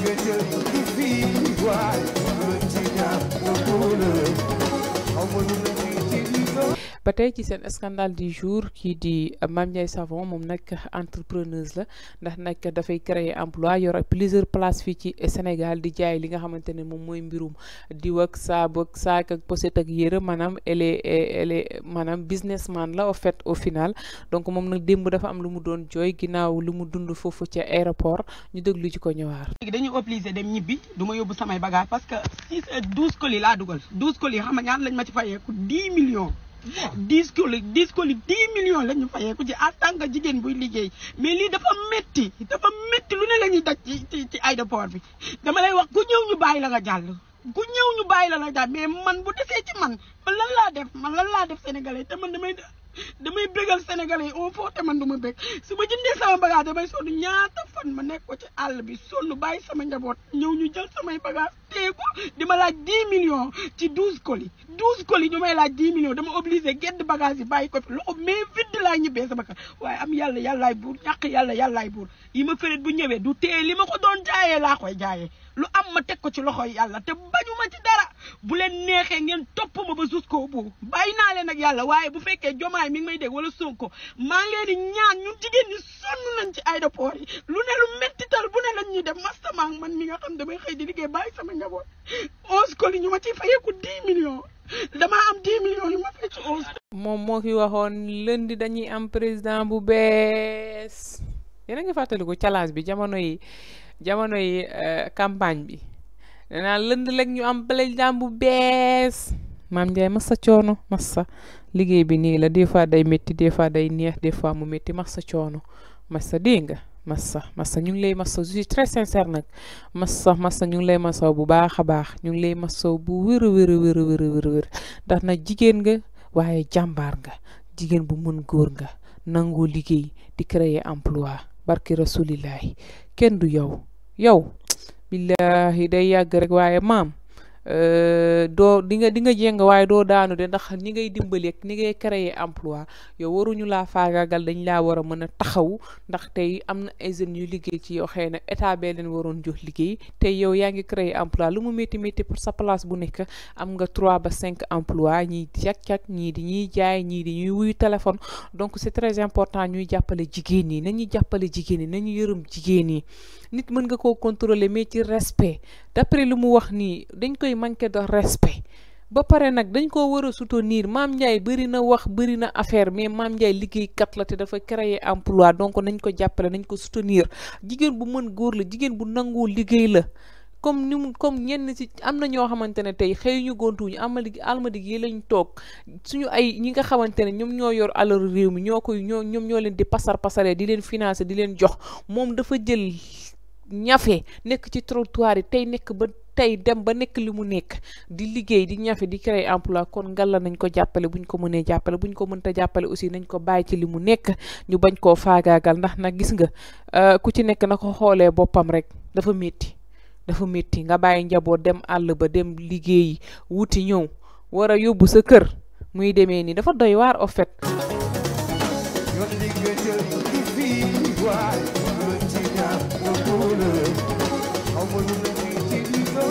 nga te fi waay lu ci ñaar bu batay ci sen scandale du jour ki di mam ñay Savon mom nak entrepreneuse la ndax nak da fay créer emploi yor plusieurs places fi ci Sénégal di jaay li nga xamantene mom moy mbirum di wak sa bok sa ak posette ak yere manam elle est elle est maanaam businessman la au fait au final donc moom nag démb dafa am lu mu doon joy ginaaw lu mu dund fofu ci aéroport ñu deglu ci ko ñewar léegi dañuy obligé dem ñibi duma yobbu samay bagage parce que six 12 colis la dugal 12 colis xam nga ñaan lañ ma ci fayé ku 10 millions. dix koli dix koli dix million la ñu fayee ku ci en tant que jigéen buy liggéey mais lii dafa métti dafa métti lu ne la ñuy daj ci ci ci aéroport bi dama lay wax ku ñëw ñu bàyyi la nga jàll. ku ñëw ñu bàyyi la nga jàll mais man bu desee ci man man lan laa def man lan laa def sénégalais te man damay damay bégal sénégalais au fond te man du ma bég su ma jëndee sama bagage damay sonn ñaata. fan ma nekk ko ci àll bi sonn bàyyi sama njaboot ñëw ñu jël samay bagage téye ko di ma laaj dix millions ci douze colis douze colis ñu may laaj dix millions dama obligé gedd bagage yi bàyyi ko fi loxo mais vide laa ñibbee sama kër waaye am yàlla yàllaay buur ñàkk yàlla yàllaay buur yi ma féret bu ñëwee du téye li ma ko doon jaayee laa koy jaayee lu am ma teg ko ci loxo yàlla te bañu ci dara bu leen neexee ngeen topp ma ba jusqu'au bout bàyyi naa leen ak yàlla waaye bu fekkee jomaay mi ngi may dégg wala ko maa ngi leen ñaan ñun jigéen ñi sonn nañ ci aéroport yi lu ne lu méttital bu ne lañ def mastamaa man mi nga xam damay xëy di liggéey bàyyi sama njaboot onze colis ñu ma ciy fayeeku dix millions damaa am dix millions yu ma fay ci onze moom moo fi waxoon lundi dañuy am président bu bees yéen a ngi fàttaliku challenge bi jamono yi jamono yi euh, campagne bi danaa lënd lekk ñu am président bu bees maam Ndiaye massa coono massa liggéey bi nii la des fois day métti des fois day neex des fois mu métti massa coono massa dégg nga massa massa ñu ngi lay massa je suis très sincère nag massa massa ñu ngi lay massa bu baax a baax ñu ngi lay massa bu wér a wér ndax na jigéen nga waaye jàmbaar nga jigéen bu mën góor nga nangoo liggéey di créer emploi barki rasulillahi kenn du yow yow. billaahi day yàgg rek waaye maam Euh, doo di nga di nga jéng waaye doo daanu de ndax ñi ngay dimbali ak ñi ngay créer emploi yow waruñu laa faagaagal dañ laa war a mën a taxaw ndax tey am na ay yu liggéey ci yow xëy na état bee leen waroon jox liggéey tey yow yaa ngi créer emploi lu mu métti métti pour sa place bu nekk am nga trois ba cinq emploi ñiy cag-cag ñii di ñuy jaay ñii di ñuy wuyu téléphone donc c'est très important ñuy jàppale jigéen ñi nañuy jàppale jigéen ñi nañu yërëm jigéen ñi nit mën nga koo contrôler mais ci respect manque de respect ba pare nag dañ ko war a soutenir Mame Ndiaye bëri na wax bëri na affaire mais Mame liggéey liggéeykat la te dafa créer emploi donc nañ ko jàppale nañ ko soutenir jigéen bu mën góor la jigéen bu nangoo liggéey la comme ni mu comme ñenn ci am na ñoo xamante ne tey xëy ñu gontuwuñu almadig almadig yi lañ toog suñu ay ñi nga xamante ne ñoom ñoo yor alalu réew mi ñoo koy ñoo ñoom ñoo leen di pasar pasaree di leen financer di leen jox moom dafa jël tey dem ba nekk li mu nekk di liggéey di ñafe di créer emploi kon ngalla nañ ko jàppale buñ ko mënee jàppale bu ñu ko mënta jàppale aussi nañ ko bàyyi ci li mu nekk ñu bañ koo faagaagal ndax nag gis nga euh, ku ci nekk na ko xoolee boppam rek dafa metti dafa metti nga bàyyi njaboot dem àll ba dem liggéeyi wuti ñëw war a yóbbu sa kër muy demee nii dafa doy waar en fait.